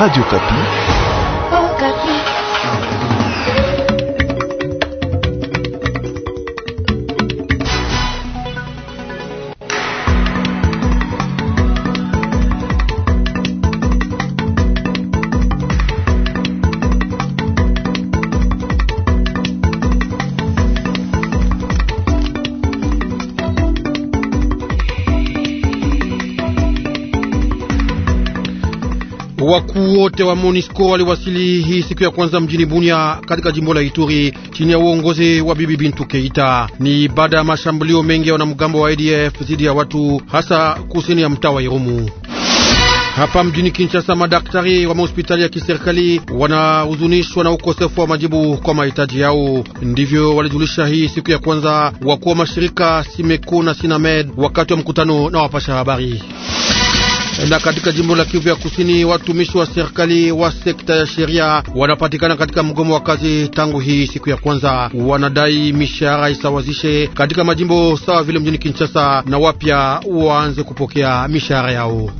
Radio Kapi. wote wa Monisco waliwasili hii siku ya kwanza mjini Bunia katika jimbo la Ituri chini ya uongozi wa Bibi Bintu Keita. Ni baada ya mashambulio mengi ya wanamgambo wa ADF dhidi ya watu hasa kusini ya mtaa wa Irumu. Hapa mjini Kinshasa, madaktari wa mahospitali ya kiserikali wanahuzunishwa na ukosefu wa majibu kwa mahitaji yao. Ndivyo walijulisha hii siku ya kwanza wakuu wa mashirika Simeku na Sinamed wakati wa mkutano na wapasha habari. Na katika jimbo la Kivu ya Kusini, watumishi wa serikali wa sekta ya sheria wanapatikana katika mgomo wa kazi tangu hii siku ya kwanza. Wanadai mishahara isawazishe katika majimbo sawa vile mjini Kinshasa, na wapya waanze kupokea mishahara yao.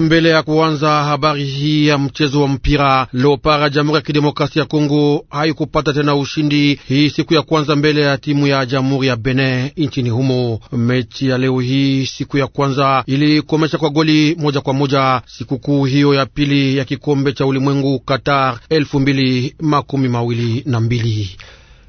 Mbele ya kuanza habari hii ya mchezo wa mpira, Leopard ya Jamhuri ya Kidemokrasia ya Kongo haikupata tena ushindi hii siku ya kwanza mbele ya timu ya Jamhuri ya Benin nchini humo. Mechi ya leo hii siku ya kwanza ilikomesha kwa goli moja kwa moja sikukuu hiyo ya pili ya kikombe cha ulimwengu Qatar elfu mbili makumi mawili na mbili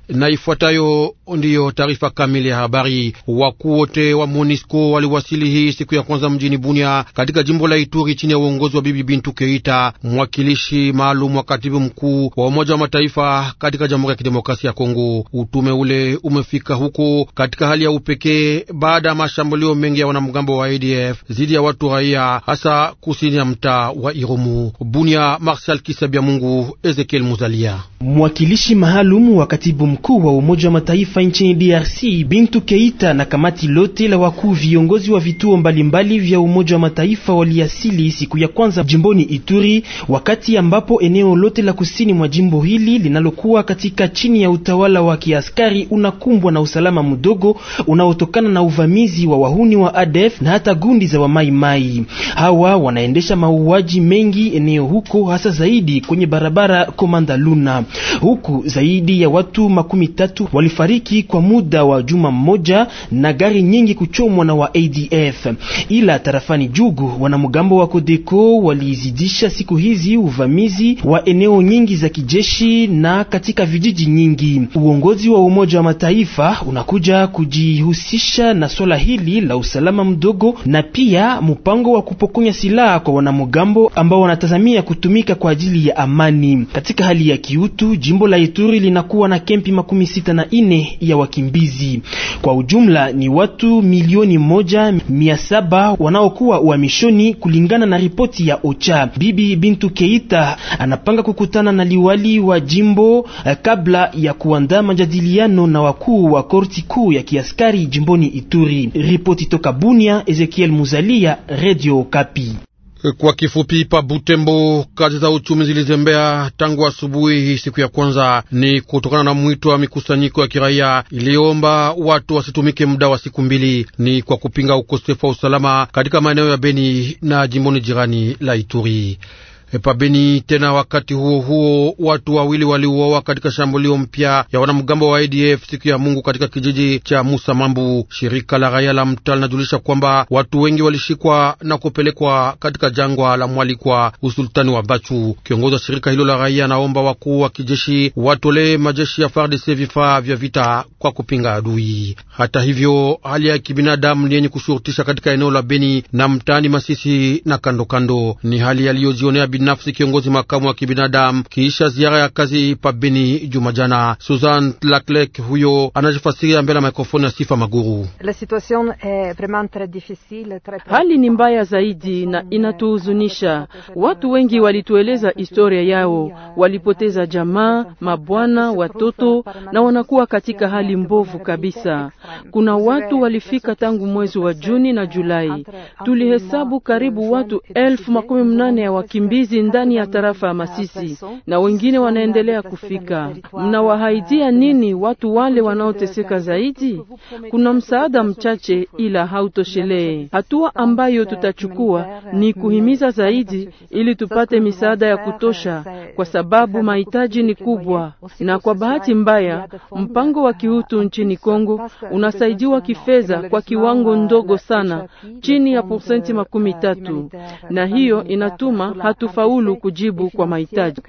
na ifuatayo ndiyo taarifa kamili ya habari. Wakuu wote wa MONISCO waliwasili hii siku ya kwanza mjini Bunia katika jimbo la Ituri chini ya uongozi wa Bibi Bintu Keita, mwakilishi maalum wa katibu mkuu wa Umoja wa Mataifa katika Jamhuri ya Kidemokrasia ya Kongo. Utume ule umefika huko katika hali ya upekee baada ya mashambulio mengi ya wanamgambo wa ADF dhidi ya watu raia, hasa kusini ya mtaa wa Irumu. Bunia, Marshal Kisabia Mungu, Ezekiel Muzalia, mwakilishi maalum wa katibu mkuu wa Umoja wa Mataifa nchini DRC Bintu Keita na kamati lote la wakuu viongozi wa vituo mbalimbali mbali vya Umoja wa Mataifa waliasili siku ya kwanza jimboni Ituri, wakati ambapo eneo lote la kusini mwa jimbo hili linalokuwa katika chini ya utawala wa kiaskari unakumbwa na usalama mdogo unaotokana na uvamizi wa wahuni wa ADF na hata gundi za wamaimai. Hawa wanaendesha mauaji mengi eneo huko, hasa zaidi kwenye barabara Komanda Luna, huku zaidi ya watu makumi tatu walifariki kwa muda wa juma mmoja na gari nyingi kuchomwa na wa ADF. Ila tarafani Jugu, wanamgambo wa Kodeko walizidisha siku hizi uvamizi wa eneo nyingi za kijeshi na katika vijiji nyingi. Uongozi wa Umoja wa Mataifa unakuja kujihusisha na swala hili la usalama mdogo na pia mpango wa kupokonya silaha kwa wanamgambo ambao wanatazamia kutumika kwa ajili ya amani. Katika hali ya kiutu, jimbo la Ituri linakuwa na kempi makumi sita na ine ya wakimbizi. Kwa ujumla ni watu milioni moja mia saba wanaokuwa uhamishoni kulingana na ripoti ya OCHA. Bibi Bintu Keita anapanga kukutana na liwali wa jimbo eh, kabla ya kuandaa majadiliano na wakuu wa korti kuu ya kiaskari jimboni Ituri. Ripoti toka Bunia, Ezekiel Muzalia, Radio Kapi. Eh, kwa kifupi, pa Butembo kazi za uchumi zilizembea tangu asubuhi hii siku ya kwanza. Ni kutokana na mwito wa mikusanyiko ya kiraia iliyoomba watu wasitumike muda wa siku mbili, ni kwa kupinga ukosefu wa usalama katika maeneo ya Beni na jimboni jirani la Ituri. Pabeni tena. Wakati huo huo, watu wawili waliuawa katika shambulio mpya ya wanamgambo wa ADF siku ya Mungu katika kijiji cha Musa Mambu. Shirika la raia la mtaa linajulisha kwamba watu wengi walishikwa na kupelekwa katika jangwa la mwalikwa usultani wa Bachu. Kiongozi wa shirika hilo la raia anaomba wakuu wa kijeshi watolee majeshi ya FARDC vifaa vya vita kwa kupinga adui. Hata hivyo, hali ya kibinadamu ni yenye kushurutisha katika eneo la Beni na mtaani Masisi na kandokando kando. Ni hali yaliyojionea binafsi kiongozi makamu wa kibinadamu kiisha ziara ya kazi pabini jumajana. Susan Laclek huyo anajifasiria mbele ya mikrofoni ya Sifa Maguru. Hali ni mbaya zaidi na inatuhuzunisha. Watu wengi walitueleza historia yao, walipoteza jamaa, mabwana, watoto na wanakuwa katika hali mbovu kabisa. Kuna watu walifika tangu mwezi wa Juni na Julai, tulihesabu karibu watu elfu makumi mnane ya wakimbizi wakimbizi ndani ya tarafa ya Masisi na wengine wanaendelea kufika. Mnawahaidia nini watu wale wanaoteseka zaidi? Kuna msaada mchache, ila hautoshelee. Hatua ambayo tutachukua ni kuhimiza zaidi ili tupate misaada ya kutosha, kwa sababu mahitaji ni kubwa. Na kwa bahati mbaya, mpango wa kiutu nchini Kongo unasaidiwa kifedha kwa kiwango ndogo sana, chini ya pasenti makumi tatu, na hiyo inatuma hatu kufaulu kujibu kwa mahitaji.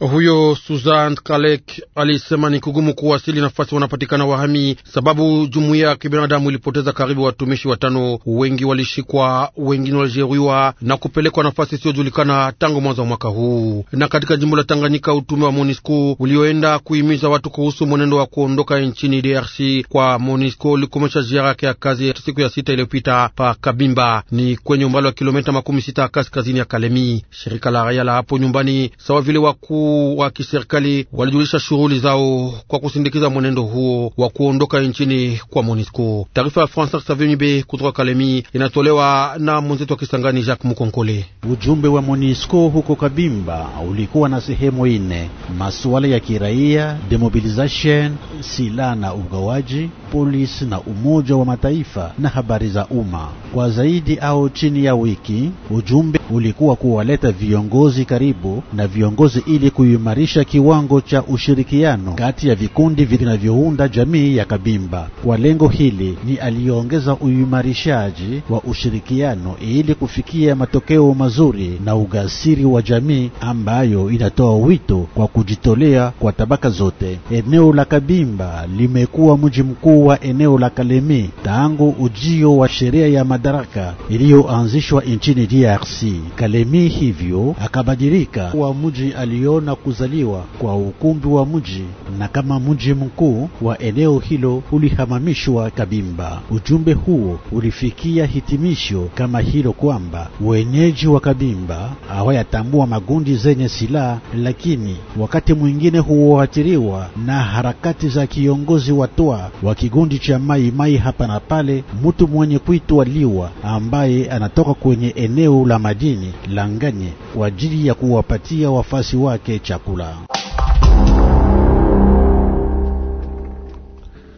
Huyo Suzan Kalek alisema ni kugumu kuwasili nafasi wanapatikana wahami, sababu jumuiya ya kibinadamu ilipoteza karibu watumishi watano. Wengi walishikwa, wengine walijeruhiwa na kupelekwa nafasi isiyojulikana tangu mwanzo wa mwaka huu. Na katika jimbo la Tanganyika, utume wa monisco ulioenda kuhimiza watu kuhusu mwenendo wa kuondoka nchini DRC kwa MONISCO ulikomesha ziara yake ya kazi siku ya sita iliyopita pa Kabimba, ni kwenye umbali wa kilomita makumi sita kaskazini ya Kalemi. Shirika la raia la hapo nyumbani sawa vile wakuu wakuu wa kiserikali walijulisha shughuli zao kwa kusindikiza mwenendo huo wa kuondoka nchini kwa MONUSCO. Taarifa ya France Savimibe kutoka Kalemi inatolewa na mwenzetu wa Kisangani Jacques Mukonkole. Ujumbe wa MONUSCO huko Kabimba ulikuwa na sehemu ine: masuala ya kiraia, demobilization, silaha na ugawaji Annapolis na Umoja wa Mataifa na habari za umma. Kwa zaidi au chini ya wiki, ujumbe ulikuwa kuwaleta viongozi karibu na viongozi ili kuimarisha kiwango cha ushirikiano kati ya vikundi vinavyounda jamii ya Kabimba. Kwa lengo hili ni aliongeza uimarishaji wa ushirikiano ili kufikia matokeo mazuri na ugasiri wa jamii ambayo inatoa wito kwa kujitolea kwa tabaka zote. Eneo la Kabimba limekuwa mji mkuu kuwa eneo la kalemi tangu ujio wa sheria ya madaraka iliyoanzishwa nchini DRC. kalemi hivyo akabadilika kuwa mji aliona kuzaliwa kwa ukumbi wa mji na kama mji mkuu wa eneo hilo ulihamamishwa Kabimba. Ujumbe huo ulifikia hitimisho kama hilo kwamba wenyeji wa Kabimba hawayatambua magundi zenye silaha, lakini wakati mwingine huathiriwa na harakati za kiongozi wa toa waki kigundi cha mai mai hapa na pale, mtu mwenye kuitwa Liwa ambaye anatoka kwenye eneo la madini la Nganye kwa ajili ya kuwapatia wafasi wake chakula.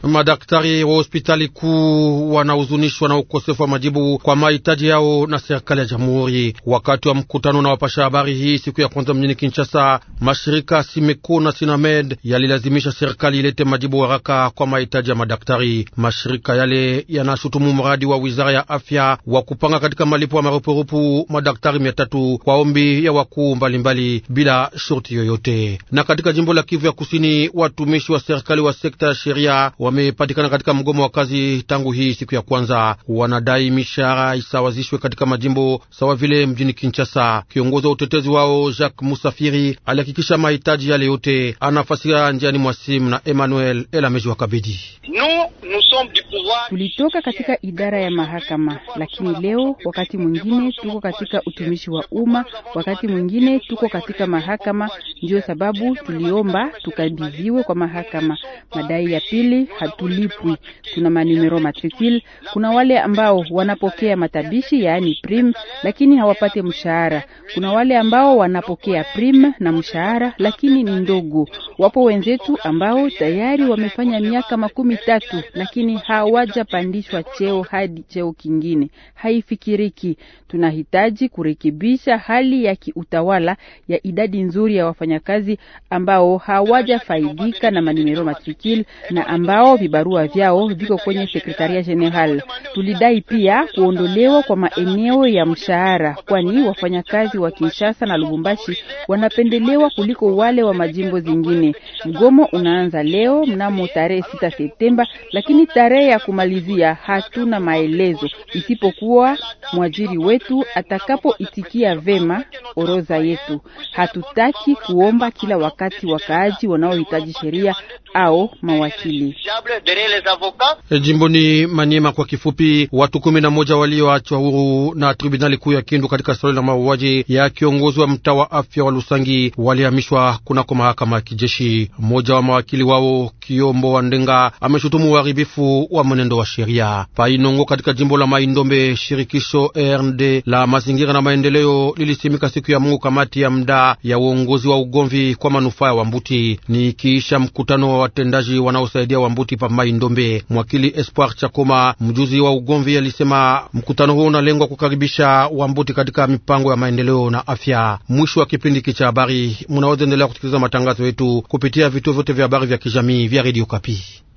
Madaktari wa hospitali kuu wanahuzunishwa na ukosefu wa majibu kwa mahitaji yao na serikali ya jamhuri. Wakati wa mkutano na wapasha habari hii siku ya kwanza mjini Kinshasa, mashirika Simeko na Sinamed yalilazimisha serikali ilete majibu haraka kwa mahitaji ya madaktari. Mashirika yale yanashutumu mradi wa wizara ya afya wa kupanga katika malipo ya marupurupu madaktari mia tatu kwa ombi ya wakuu mbalimbali bila shurti yoyote. Na katika jimbo la Kivu ya Kusini, watumishi wa serikali wa sekta ya sheria wame wamepatikana katika mgomo wa kazi tangu hii siku ya kwanza. Wanadai mishahara isawazishwe katika majimbo sawa vile mjini Kinshasa. Kiongozi wa utetezi wao Jacques Musafiri alihakikisha mahitaji yale yote, anafasira njiani mwasimu na Emmanuel Elameji wa Tulitoka katika idara ya mahakama, lakini leo wakati mwingine tuko katika utumishi wa umma, wakati mwingine tuko katika mahakama. Ndiyo sababu tuliomba tukabidhiwe kwa mahakama madai ya pili hatulipwi, tuna manumero matrikil. Kuna wale ambao wanapokea matabishi yaani prim, lakini hawapate mshahara. Kuna wale ambao wanapokea prim na mshahara, lakini ni ndogo. Wapo wenzetu ambao tayari wamefanya miaka makumi tatu, lakini hawajapandishwa cheo hadi cheo kingine. Haifikiriki. Tunahitaji kurekebisha hali ya kiutawala ya idadi nzuri ya wafanyakazi ambao hawajafaidika na manumero matrikil na ambao vibarua vyao viko kwenye sekretaria general. Tulidai pia kuondolewa kwa maeneo ya mshahara, kwani wafanyakazi wa Kinshasa na Lubumbashi wanapendelewa kuliko wale wa majimbo zingine. Mgomo unaanza leo mnamo tarehe 6 Septemba, lakini tarehe ya kumalizia hatuna maelezo, isipokuwa mwajiri wetu atakapoitikia vema oroza yetu. Hatutaki kuomba kila wakati wakaaji wanaohitaji sheria au mawakili. E, Jimboni Maniema kwa kifupi, watu kumi na moja walioachwa huru na tribunali kuu ya Kindu katika swali la mauaji ya kiongozi wa mtaa wa afya wa Lusangi walihamishwa kunako mahakama ya kijeshi. Mmoja wa mawakili wao Kiombo wa Ndenga ameshutumu uharibifu wa mwenendo wa sheria Painongo katika jimbo la Maindombe. Shirikisho RND la mazingira na maendeleo lilisimika siku ya Mungu kamati ya mda ya uongozi wa ugomvi kwa manufaa ya Wambuti ni kiisha mkutano wa watendaji wanaosaidia Wambuti pa Maindombe. Mwakili Espoir Chakoma, mjuzi wa ugomvi, alisema mkutano huo unalengwa kukaribisha Wambuti katika mipango ya maendeleo na afya. Mwisho wa kipindi hiki cha habari, munaweza endelea kusikiliza matangazo yetu kupitia vituo vyote vya habari vya kijamii ya Radio Kapi.